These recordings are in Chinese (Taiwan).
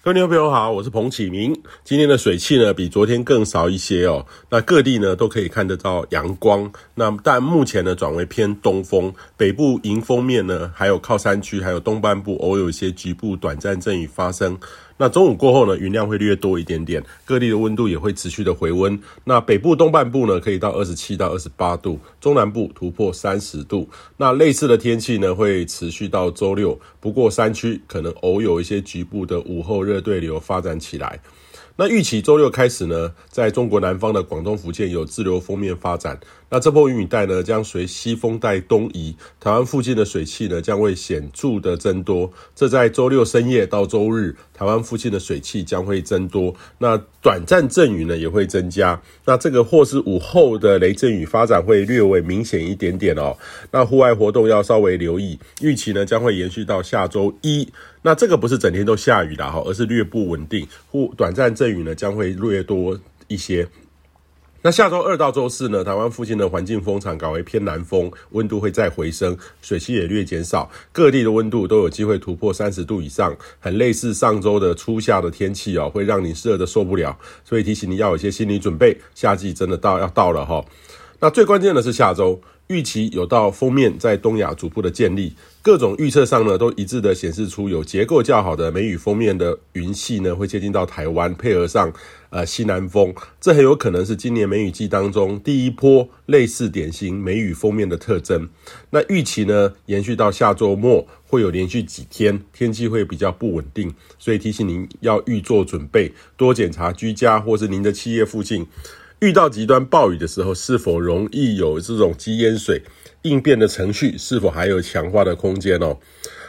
各位聽眾朋友好，我是彭啟明。今天的水汽呢比昨天更少一些哦。那各地呢都可以看得到陽光。那但目前呢轉為偏東風，北部迎風面呢，還有靠山區，還有東半部偶有一些局部短暫陣雨發生。那中午過後呢，雲量會略多一點點，各地的溫度也會持續的回溫。那北部東半部呢可以到二十七到二十八度，中南部突破三十度。那類似的天氣呢會持續到周六。不過山區可能偶有一些局部的午後。熱對流發展起來。那預期周六開始呢，在中國南方的廣東、福建有滯留鋒面發展。那這波雲雨帶呢，將隨西風帶東移，台灣附近的水汽呢，將會顯著的增多。這在周六深夜到周日，台灣附近的水汽將會增多，那短暫陣雨呢，也會增加。那這個或是午後的雷陣雨發展會略微明顯一點點哦。那戶外活動要稍微留意。預期呢，將會延續到下周一。那這個不是整天都下雨的哈，而是略不穩定，戶，短暫陣。雨呢將會略多一些。那下周二到周四呢，台灣附近的環境風場改為偏南風，溫度會再回升，水汽也略減少，各地的溫度都有機會突破三十度以上，很類似上周的初夏的天氣哦，會讓你熱得受不了，所以提醒你要有一些心理準備，夏季真的到要到了哈、哦。那最關鍵的是下周。預期有道鋒面在東亞逐步的建立，各種預測上呢都一致的顯示出有結構較好的梅雨鋒面的雲系呢會接近到台灣，配合上呃西南風，這很有可能是今年梅雨季當中第一波類似典型梅雨鋒面的特徵。那預期呢延續到下周末，會有連續幾天，天氣會比較不穩定，所以提醒您要預做準備，多檢查居家或是您的企業附近。遇到極端暴雨的時候，是否容易有這種積淹水，應變的程序，是否還有強化的空間哦。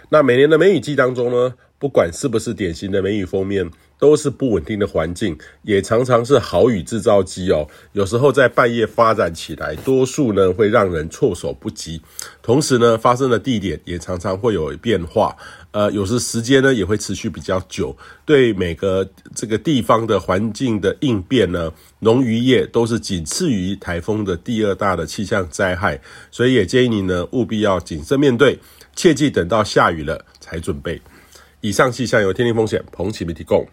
那每年的梅雨季當中呢，不管是不是典型的梅雨鋒面，都是不穩定的環境，也常常是豪雨製造機哦。有時候在半夜發展起來，多數呢會讓人措手不及。同時呢，發生的地點也常常會有變化。呃，有時時間呢也會持續比較久。對每個這個地方的環境的應變呢，農漁業都是僅次於颱風的第二大的氣象災害。所以也建議你呢，務必要謹慎面對，切忌等到下雨了才準備。以上氣象由天氣風險彭啟明提供。